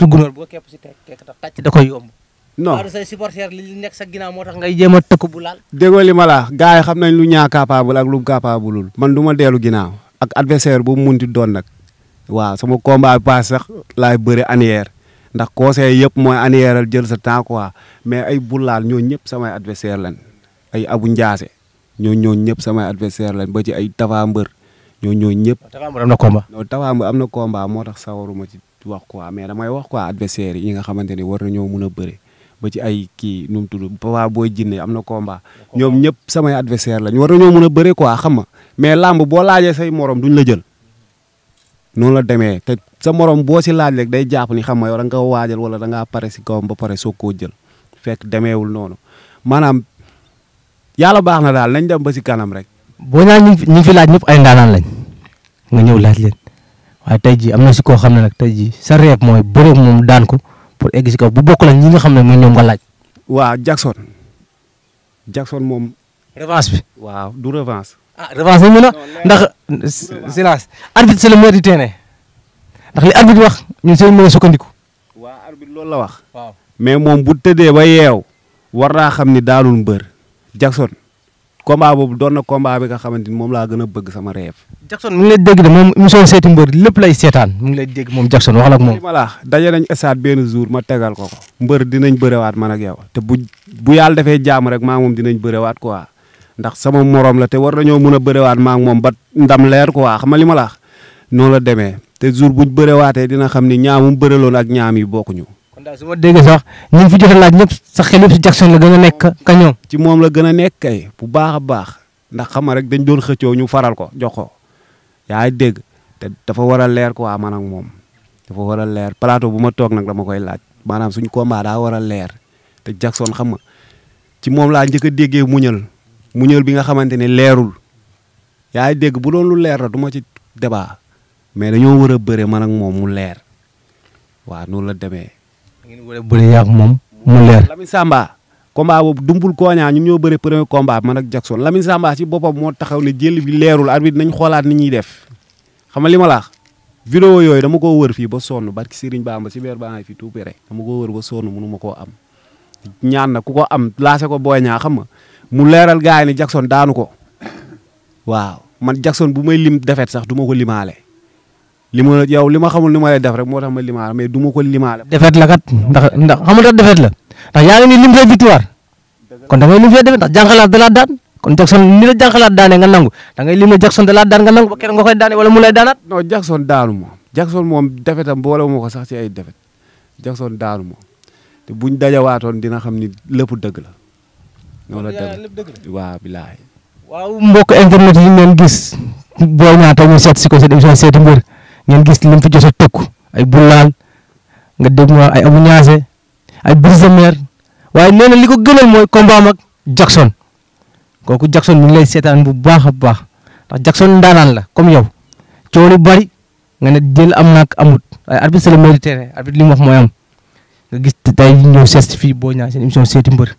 tukulóor boo képp si teg kekk tax tàcc da koy yomb. non waaw say supporter li nekk sa ginnaaw moo tax ngay jéem a tëkk bu laal. déggoo ma gars yi xam nañ lu ñaa capable ak lu capableul man duma ma dellu ginnaaw ak adversaire bu mu munti doon nag waaw sama combat bi sax laay bëri anière ndax conseil yëpp mooy anièreal jël sa temps quoi mais ay bulaal ñoo ñëpp samay adversaire lañ ay abu njaase ñoo ñoo ñëpp samay adversaire lañ ba ci ay Tapha Mbeur ñoo ñoo ñëpp. Tapha Mbeur am na combat. non Tapha am na combat moo tax sawaruma ci. wax quoi mais damay wax quoi adversaire yi nga xamante ni war nañoo mun a bëre ba ci ay kii nu mu tudd Papa Boy Djiné am na combat ñoom ñëpp samay adversaire lañ war nañoo mun a bëre quoi xam nga mais làmb boo laajee say morom duñ la jël noonu la demee te sa morom boo si laaj rek day jàpp ni xam nga yow da waajal wala da pare si kawam ba pare soog koo jël fekk demeewul noonu maanaam yàlla baax na daal nañ dem ba si kanam rek. boo ñaan ñu fi laaj ñëpp ay ndaanaan lañ nga ñëw laaj waaye tey jii am na si koo xam ne nag tey jii sa réeb mooy bëre moom daan ko pour egg si kaw bu bokk la ñi nga xam ne mooy ñoom nga laaj. waaw Jackson Jackson moom. revanche bi waaw du revanche. ah revanche ñu na ndax silence arbitre c'est le maître du terrain ndax li arbitre wax ñun seen mën a sukkandiku. waaw loolu la wax. mais moom bu tëddee ba yeew war naa xam ni daalul bër Jackson combat boobu doon na combat bi nga xamante ni moom laa gën a bëgg sama rêve. Jackson mu ngi lay de moom émission seeti mbër lépp lay setaan mu ngi lay dégg moom Jackson wax la ak moom. daje nañ stade benn jour ma tegal ko mbër dinañ bërewaat man ak yow te bu bu yàlla defee jàmm rek maa moom dinañ bërewaat quoi ndax sama morom la te war nañoo mën a bërewaat maa ak moom ba ndam leer quoi xam nga li ma la wax la demee te jour buñ bërewaatee dina xam ni ñaamum bëreloon ak ñaam yi bokkuñu kon daal su ma déggee sax ñu fi jot laaj ñëpp sa xel yëpp si Jackson la gën a nekk ka ñoom. ci moom la gën a nekk kay bu baax a baax ndax xama nga rek dañ doon xëccoo ñu faral ko jox ko yaa ngi dégg te dafa war a leer ko man ak moom dafa war a leer plateau bu ma toog nag dama koy laaj maanaam suñu combat daa war a leer te Jackson xam nga ci moom laa njëkk a déggee muñal muñal bi nga xamante ne leerul yaa ngi dégg bu doon lu leer la du ma ci débat mais dañoo war a bëre man moom mu leer waaw noonu la demee. ngeen wala bëri yàq mu leer. Lamine Samba combat boobu dumbul kooñaa ñun ñoo bëri premier combat man ak Jackson Lamine Samba ci boppam moo taxaw ne jël bi leerul arbitre nañ xoolaat ni ñuy def xam nga li ma la wax yooyu dama koo wër fii ba sonn barki Serigne Bamba si biir baa fi tout près dama koo wër ba sonn mënu ma koo am ñaan na ku ko am laase ko booy ñaa xam nga mu leeral gars ni ne Jackson daanu ko waaw man Jackson bu may lim defet sax du ma ko limaale. li ma yow li ma xamul ni ma lay def rek moo tax ma limaale mais du ma ko limaale. defet la kat ndax ndax xamul tax defet la ndax yaa ngi nii lim fee victoire kon da ngay lim fee defet ndax jànqalaat da laa daan kon Jackson ni la jànqalaat daane nga nangu da ngay lim Jackson da laa daan nga nangu ba keroog nga koy daane wala mu lay daanaat. non Jackson daanu ma Jackson moom defetam boole ma ko sax ci ay defet Jackson daanu ma te buñ dajawaatoon dina xam ni lépp dëgg la. noonu la dëgg waaw bilaay. waaw mbokk internet yi ngeen gis booy naa tey ñu seet si ko seen émission seeti mbir ngeen gis lim fi jot tëkku ay Boulaal nga dégg ma ay Abou Niasse ay Brise waaye nee na li ko gënal mooy combat mag Jackson kooku Jackson mi lay seetaan bu baax a baax ndax Jackson ndaanaan la comme yow coow lu bari nga ne jël am naag amut waaye arbitre c'est le Méditerranée arbitre li wax mooy am nga gis tey ñëw seet fii Boy Niang seen émission seeti mbër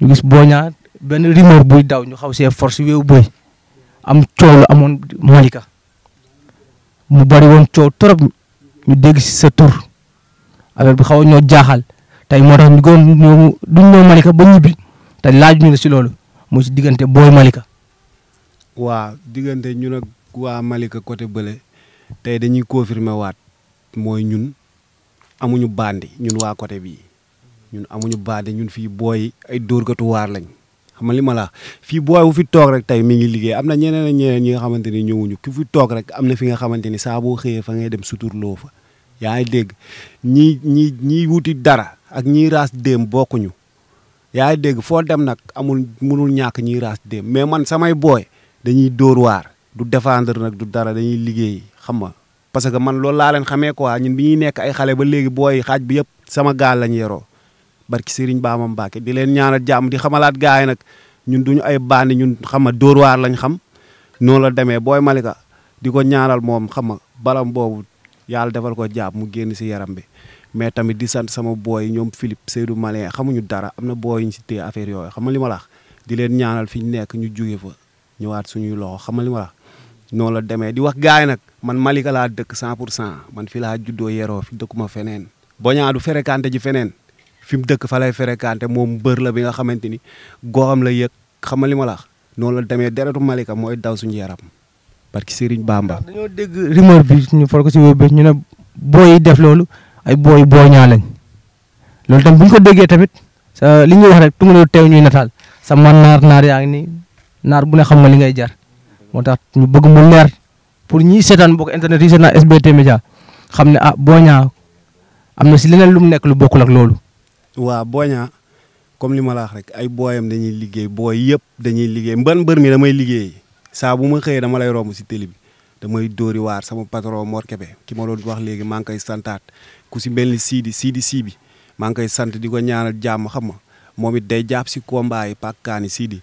ñu gis boo Niang benn rumeur buy daw ñu xaw see force wéewu boy am coow lu amoon Malika mu bari woon coow trop ñu dégg si sa tur affaire bi xaw ñoo jaaxal tey moo tax ñu gën ñoo duñ ñëw Malika ba ñibbi te laaj ñu si loolu mu si diggante booy Malika. waaw diggante ñun waa Malika côté bële tey dañuy confirmer waat mooy ñun amuñu bandi ñun waa côté bii ñun amuñu bandi ñun fii booy ay dóorgatu waar lañ. xam li ma la fii booy bu fi toog rek tey mi ngi liggéey am na ñeneen ak ñeneen ñi nga xamante ni ñëwuñu ku fi toog rek am na fi nga xamante ni saa boo xëyee fa ngay dem suturloo fa yaa ngi dégg ñi ñi ñiy dara ak ñiy raas déem bokkuñu yaa ngi dégg foo dem nag amul mënul ñàkk ñiy raas déem mais man samay booy dañuy dóor waar du défendre nag du dara dañuy liggéey xam nga parce que man loolu laa leen xamee quoi ñun bi ñuy nekk ay xale ba léegi booy xaaj bi yëpp sama gaal lañ barki Serigne Bamba Mbacke di leen ñaanal jàmm di xamalaat gaay nag ñun duñu ay bandi ñun xam nga Dóor waar lañ xam noonu la demee booy Malika di ko ñaanal moom xam nga balam boobu yàlla defal ko jàpp mu génn si yaram bi mais tamit di sant sama booy ñoom Philippe Seydou Malien xamuñu dara am na booy ñu si téye affaire yooyu xam nga li ma la wax di leen ñaanal fi ñu nekk ñu jóge fa ñëwaat suñuy loxo xam li ma la wax la demee di wax gars yi nag man Malika laa dëkk 100 pour cent man fi laa juddoo yeroo fi dëkkuma feneen boñaa du fréquenté ji feneen fi mu dëkk fa lay fréquenté moom bër la bi nga xamante ni goxam la yëg xamal li ma la noonu la demee deretu Malika mooy daw suñu yaram parce que Serigne Bamba. dañoo dégg rumeur bi ñu for ko si wéb ñu ne booy def loolu ay booy booy ñaa lañ loolu tam ñu ko déggee tamit li ñuy wax rek tungaloo teew ñuy nataal sama naar naar yaa ngi nii naar bu ne xam nga li ngay jar moo tax ñu bëgg mu leer pour ñiy seetaan bokk internet yi seetaan SBT Média xam ne ah boo ñaa am na si leneen lu mu nekk lu bokk ak loolu. waa Boña comme li ma la wax rek ay booyam dañuy liggéey booy yëpp dañuy liggéey mban mbër mi damay liggéey saa bu ma xëyee dama lay romb si télé bi damay dóori waar sama patron Mor Kébé ki ma doon wax léegi maa ngi koy santaat ku si mel ni Sidi Sibi maa ngi koy sant di ko ñaanal jàmm xam nga moom it day jàpp si combat yi pàkkaani siidi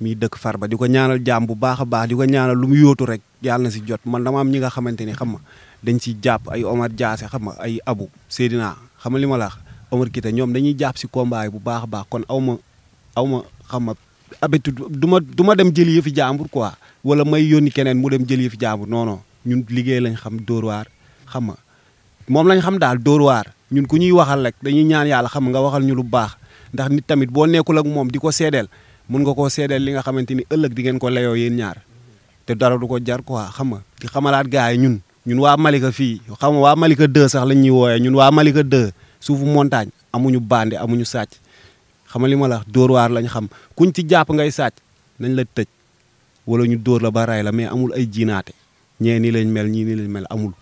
mii dëkk far ba di ko ñaanal jàmm bu baax a baax di ko ñaanal lu mu yóotu rek yàlla na si jot man dama am ñi nga xamante ni xam nga dañ siy jàpp ay Omar Diassé xam nga ay Abu Seydina xam nga li ma la Omar Kité ñoom dañuy jàpp si combat yi bu baax a baax kon aw ma aw ma xam ma habitude du ma du ma dem jëli yëfi jaambur quoi wala may yónni keneen mu dem jëli yëfi jaambur non non ñun liggéey lañ xam dóor waar xam ma moom lañ xam daal dóor waar ñun ku ñuy waxal rek dañuy ñaan yàlla xam nga waxal ñu lu baax ndax nit tamit boo nekkul ak moom di ko seedeel mun nga koo seedeel li nga xamante ni ëllëg di ngeen ko layoo yéen ñaar te dara du ko jar quoi xam nga di xamalaat gars yi ñun ñun waa Malika fii xam nga waa Malika 2 sax lañ ñuy wooyee ñun waa Malika 2 suufu montagne amuñu bandi amuñu sàcc xam li ma la dóor waar lañ xam kuñ ci jàpp ngay sàcc nañ la tëj wala ñu dóor la ba ray la mais amul ay jiinaate ñee nii lañ mel ñii nii lañ mel amul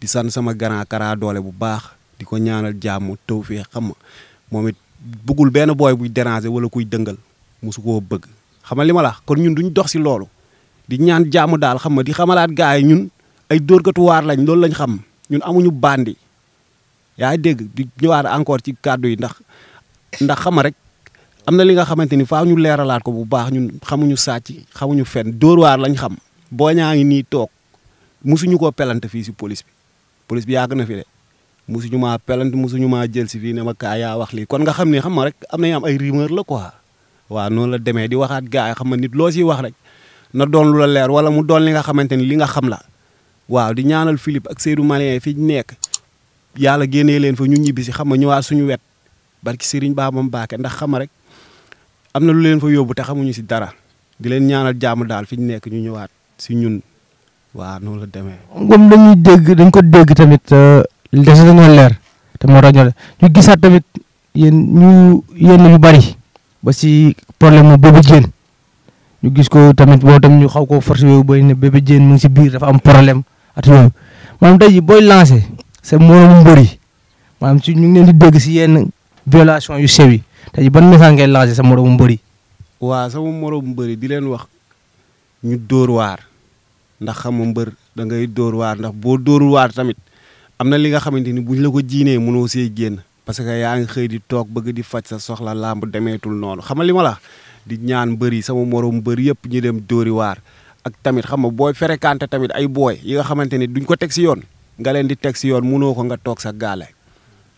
di san sama grand Kara Dollé bu baax di ko ñaanal jàmm taw fii xam ma moom it bëggul benn booy buy déranger wala kuy dëngal mosu koo bëgg xamal li ma la kon ñun duñ dox si loolu di ñaan jàmm daal xam ma di xamalaat gars yi ñun ay dóorkatu waar lañ loolu lañ xam ñun amuñu bandi yaa ngi dégg di ñëwaat encore ci kàddu yi ndax ndax xama rek am na li nga xamante ni faaw ñu leeralaat ko bu baax ñun xamuñu sàcc xamuñu fenn dóor waar lañ xam boo ñaa ngi nii toog musuñu koo pelante fii si police bi police bi yàgg na fi de musuñu maa pelante musuñu maa jël si fii ne ma kaa yaa wax lii kon nga xam ni xam ma rek am nañu am ay rumeur la quoi waa noonu la demee di waxaat gars yi xam nga nit loo siy wax rek na doon la leer wala mu doon li nga xamante ni li nga xam la waaw di ñaanal Philippe ak Seydou Malien fi ñu nekk yàlla génnee leen fa ñu ñibbi si xam ñu ñëwaat suñu wet barki Serigne Ba moom baake ndax xam rek am na lu leen fa yóbbu te xamuñu si dara di leen ñaanal jàmm daal fi ñu nekk ñu ñëwaat si ñun waa noonu la demee. comme dañuy dégg dañ ko dégg tamit euh, des dañoo leer te moo tax ñu gisaat tamit yéen ñu yenn yu bari ba si problème mu Bébé Diène ñu gis ko tamit boo tam ñu xaw ko force yooyu bay ne Bébé mu si biir dafa am problème at yooyu maanaam tey booy lancé. sa moromu mbër yi maanaam si ñu ngi leen di dégg si yenn violation yu sew yi tey ban message ngay lancé sa moromu mbëri waa waaw sama moromu mbër di leen wax ñu dóor waar ndax xam nga mbër da ngay dóor waar ndax boo dóorul waar tamit am na li nga xamante ni buñ la ko jiinee mënoo see génn. parce que yaa ngi xëy di toog bëgg di faj sa soxla làmb demeetul noonu xam nga li ma la di ñaan bëri sama morom bëri yëpp ñu dem dóori waar ak tamit xam nga booy fréquenté tamit ay booy yi nga xamante ni duñ ko teg si yoon. nga leen di teg si yoon munoo ko nga toog sa gaale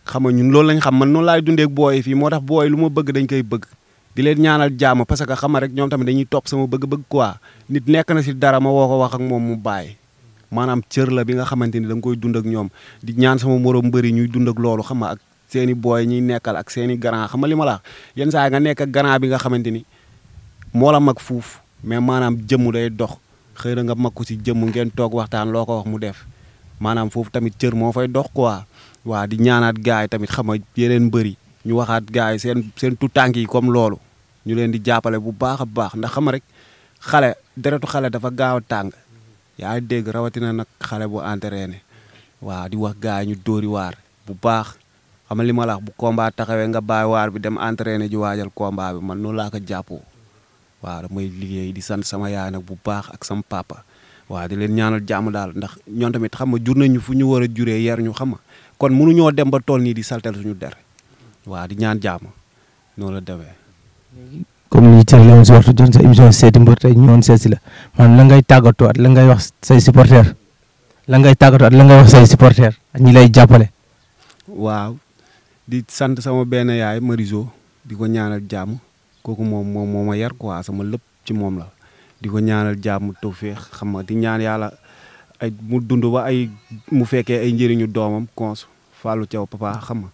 xam nga ñun loolu lañ xam man noonu laay dundeek booy fii moo tax booy lu ma bëgg dañ koy bëgg di leen ñaanal jaama parce que xam rek ñoom tamit dañuy topp sama bëgg-bëgg quoi nit nekk na si dara ma woo ko wax ak moom mu bàyyi maanaam cër la bi nga xamante ni da koy dund ak ñoom di ñaan sama morom mbëri ñuy dund ak loolu xam nga ak seen i booy ñuy nekkal ak seen i grand xam nga li ma laa yenn saa nga nekk ak bi nga xamante ni moo la mag fuuf mais maanaam jëmm day dox xëy na nga mag si jëmm ngeen toog waxtaan loo ko wax mu def maanaam foofu tamit cër moo fay dox quoi waa di ñaanaat gars yi tamit xam nga yeneen mbëri ñu waxaat gars yi seen seen tutànk yi comme loolu ñu leen di jàppale bu baax a baax ndax xam rek xale deretu xale dafa gaaw a tàng yaa dégg rawatina nag xale bu entraîné waaw di wax gars ñu dóori waar bu baax xam li ma la bu combat taxawee nga bàyyi waar bi dem entraîné ji waajal combat bi man noonu laa ko jàppoo waaw damay liggéey di sant sama yaay nag bu baax ak sama papa waaw di leen ñaanal jàmm daal ndax ñoom tamit xam nga jur nañu fu ñu war a juree yar ñu xam nga kon mënuñoo dem ba tool nii di saltel suñu der waaw di ñaan jàmm noonu la demee. comme ni ñu tërale woon si waxtu doon sa émission seeti mbër tey ñu woon seet si la maanaam la ngay tàggatoo at la ngay wax say supporters la ngay tàggatoo at la ngay wax say supporters ak ñi lay jàppale. waaw di sant sama benn yaay Mariso di ko ñaanal jàmm kooku moom moom moo ma yar quoi sama lépp ci moom la. di ko ñaanal jàmm tawféex xam nga di ñaan yàlla ay mu dund ba ay mu fekkee ay njëriñu doomam cons Fallou Thiaw papa xam nga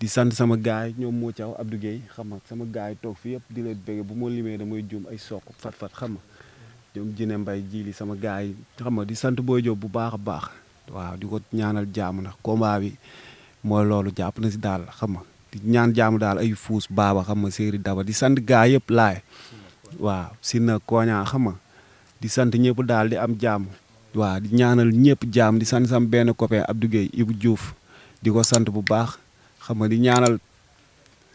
di sant sama gaay ñoom moo Thiaw Abdou Guèye xam nga sama gaay toog fi yëpp di leen bëgg bu ma limee damay juum ay soq fat-fat xam ñoom jine mbay jili sama gaay xam nga di sant booy job bu baax a baax waaw di ko ñaanal jàmm ndax combat bi mooy loolu jàpp na si daal xam di ñaan jaamu daal ay fuus baaba xam nga séeri daba di sant gaa yëpp laay waaw Sina Koña xam nga di sant ñëpp daal di am jàmm. waa di ñaanal ñëpp jàmm di sant sam benn copain Abdou Gueye bu Diouf di ko sant bu baax xam nga di ñaanal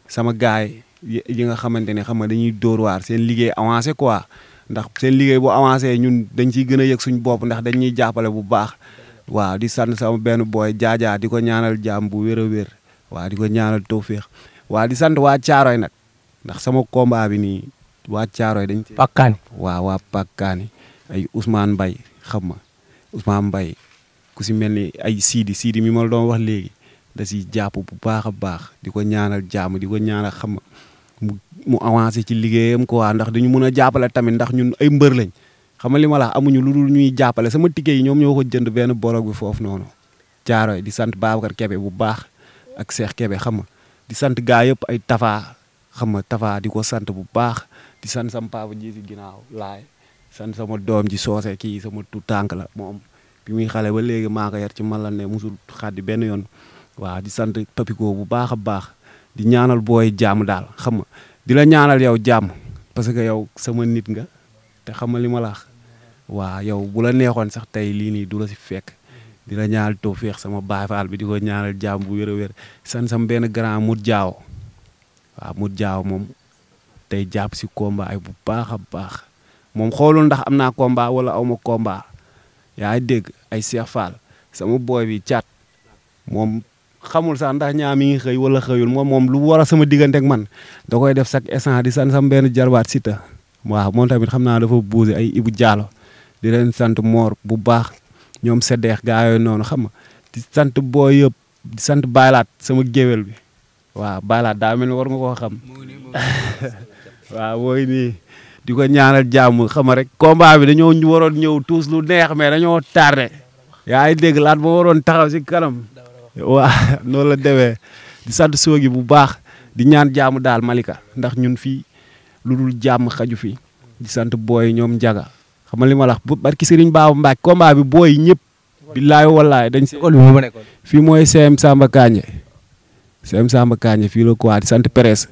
sama gaay yi yi nga xamante ne xam nga dañuy dóor waar seen liggéey avancé quoi ndax seen liggéey bu avancé ñun dañ ciy gën a yëg suñ bopp ndax dañuy jàppale bu baax waaw di sant sama benn booy jaajaa di ko ñaanal jàmm bu wér a wér waaw di ko ñaanal tawféex waa di sant waa Caaroy nag ndax sama combat bi nii waa caaro Caaroy dañ. Pakkaani waaw waa Pakkaani ay Ousmane Mbaye xam ma Ousmane Mbaye ku si mel ni ay Sidi Sidi mi ma la doon wax léegi da si jàpp bu baax a baax di ko ñaanal jàmm di ko ñaanal xam mu avancé ci liggéeyam quoi ndax dañu mën a jàppale tamit ndax ñun ay mbër lañ xam nga li ma la amuñu lu dul ñuy jàppale sama ticket yi ñoom ñoo ko jënd benn borog bi foofu noonu. caaro yi di sant Babacar Kebe bu baax ak Cheikh Kebe xam ma di sant gaa yëpp ay Tafa xam ma Tafa di ko sant bu baax. di san sam papa ji si ginnaaw laay san sama doom ji soose kii sama tu tànk la moom bi muy xale ba léegi maako ko yar ci man la ne musul xaddi benn yoon waaw di sant papiko bu baax a baax di ñaanal booy jàmm daal xam di la ñaanal yow jàmm parce que yow sama nit nga te xam nga li ma la wax waaw yow bu la neexoon sax tey lii nii du la si fekk di la ñaanal tawfeex sama baay faal bi di ko ñaanal jàmm bu wér a wér san sam benn grand mut jaaw waaw mut jaaw moom tey jàpp si combat ay bu baax a baax moom xoolul ndax am naa combat wala aw ma combat yaa dégg ay Cheikh Fall sama booy bi caat moom xamul sax ndax ñaa mi ngi xëy wala xëyul moom moom lu war a sama diggante man da koy def sak essant di sant sama benn jarbaat si ta waaw moom tamit xam naa dafa buuse ay Ibu Diallo di leen sant moor bu baax ñoom seddeex gaa yooyu noonu xam nga di sant boo yëpp di sant baylaat sama géwél bi waaw baylaat daa mel ni war nga koo xam waa mooy nii di ko ñaanal jàmm xama rek combat bi dañoo waroon ñëw tuus lu neex mais dañoo tardé yaa ngi dégg laat moo waroon taxaw si kanam waaw noonu la demee di sant soogi bu baax di ñaan jàmm daal Malika ndax ñun fii lu dul jàmm xaju fi di sant booy ñoom njaga xam nga li ma la wax barki Serigne Baba Mbacke combat bi booy ñëpp billaay wallaay dañ si fii mooy CM Samba Kagne CM Samba Kagne fii la quoi sant presse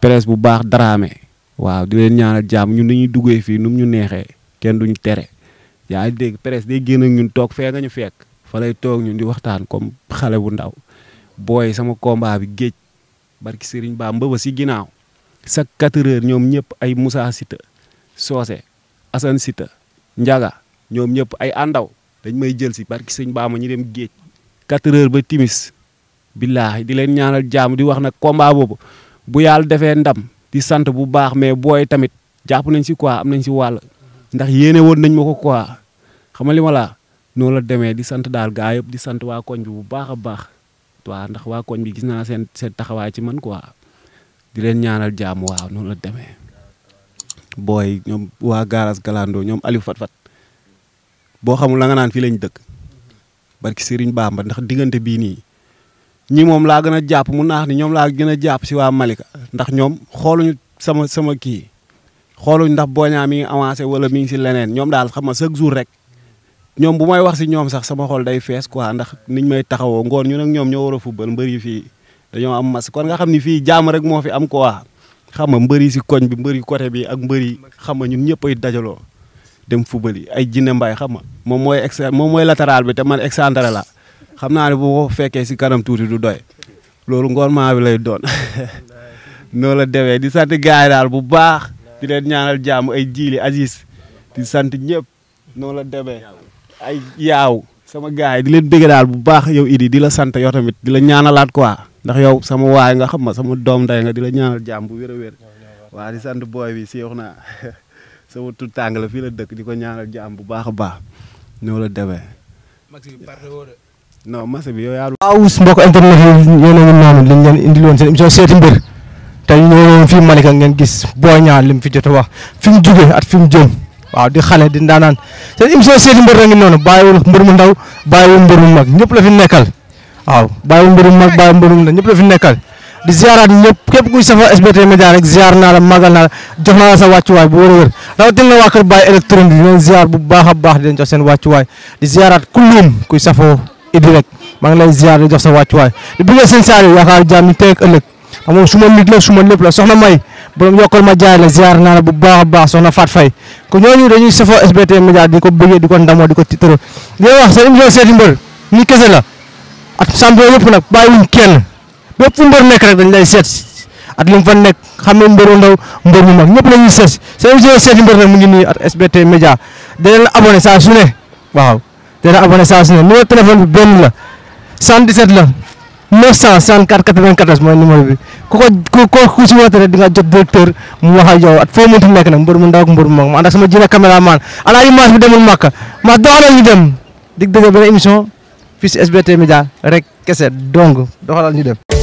presse bu baax daraame waaw di leen ñaanal jàmm ñun dañuy duggee fii nu mu ñu neexee kenn duñu tere yaa ngi dégg presse day génn ak ñun toog fee nga ñu fekk fa lay toog ñun di waxtaan comme xale bu ndaw booy sama combat bi géej barki Serigne Ba mbëba si ginnaaw chaque quatre heures ñoom ñëpp ay Moussa Sita Soose Assane Njaga ñoom ñëpp ay àndaw dañ may jël si barki Serigne Ba ma ñu dem géej quatre heures ba timis billaahi di leen ñaanal jàmm di wax nag combat boobu bu yàlla defee ndam di sant bu baax mais booy tamit jàpp nañ si quoi am nañ si wàll ndax yéene woon nañ ma ko quoi xam nga li ma laa la demee di sant daal gaa yëpp di sant waa koñ bi bu baax a baax waaw ndax waa koñ bi gis naa seen seen taxawaay ci man quoi di leen ñaanal jàmm waaw noonu la demee. booy ñoom waa Garaas Galandoo ñoom Aliou fat boo xamul la nga naan fii lañ dëkk barki Serigne Bamba ndax diggante bii nii. ñii moom laa gën a jàpp mu naax ni ñoom laa gën a jàpp si waa Malika ndax ñoom xooluñu sama sama kii xooluñ ndax boñaa mi ngi avancé wala mi ngi si leneen ñoom daal xam nga chaque jour rek ñoom bu may wax si ñoom sax sama xol day fees quoi ndax niñ may taxawoo ngoon ñu nag ñoom ñoo war a fubal mbër yi fii dañoo am mas kon nga xam ni fii jàmm rek moo fi am quoi xam nga mbër yi si koñ bi mbër yi côté bi ak mbër yi xam nga ñun ñëpp ay dajaloo dem fubal yi ay jinne mbay xam nga moom mooy ex moom mooy latéral bi te man excentré la xam naa ne bu ko fekkee si kanam tuuti du doy loolu ngormaa bi lay doon noonu la demee di sant gars daal bu baax di leen ñaanal jàmm ay jiili Aziz di sant ñëpp noonu la demee ay yaaw sama gars leen bëgg daal bu baax yow Idi di la sant yow tamit di la ñaanalaat quoi ndax yow sama waay nga xam ma sama doom nday nga di la ñaanal jàmm bu wér a wér waa di sant booy bi seexu naa sama tut tàng la fii la dëkk di ko ñaanal jàmm bu baax a baax noonu la demee non match bi mbokk internet yi a ngi noonu liñ leen indil woon seen émission seeti mbër tey ñu ñëwoon fii Malika ngeen gis Boy Niang lim fi jot a wax fi mu jugee at fi mu jëm waaw di xale di ndaanaan seen émission seeti mbër la ngi noonu bàyyiwul mbër mu ndaw bàyyiwul mbër mu mag ñëpp la fi nekkal waaw bàyyiwul mbër mu mag bàyyiwul mbër ndaw ñëpp la fi nekkal di ziaraat ñëpp képp kuy safa SBT Média rek ziar naa la magal naa la jox naa la sa wàccuwaay bu wër a wër rawatina la waa di leen ziar bu baax a baax di leen seen wàccuwaay di ziaraat kulluum kuy safoo Idi rek maa ngi lay ziar jox sa wàccuwaay di bëggee sëñ Saliou yaakaar jaam ñi tey ak ëllëg xam nga su ma nit la su ma la soxna May borom yokkal ma jaay la ziar naa bu baax a baax soxna Fat Faye ko ñooñu dañuy safoo SBT Média di ko bëggee ko ko tiitaroo di wax seen émission seeti mbër nii kese la at champion yëpp nag bàyyiwuñ kenn bépp fu mbër nekk rek dañ lay seet at li mu fa nekk xam ne mbër mu mag ñëpp la ñuy seet seen émission seeti mbër nag mu ngi nii at SBT Média da leen abonné saa su waaw dana abonné saa su ne numéro téléphone bi benn la 77 la 964 94 mooy numéro bi ku ko ku ku si woote di nga jot directeur mu wax ak yow at foo mënti nekk nag mbër mu ndaw ak mbër mu mag ma ànd ak sama jina caméraman alaaji maas bi demul màkk ma doxalal ñu dem dig dëgg benn émission fii si SBT Média rek kese dong doxalal ñu dem.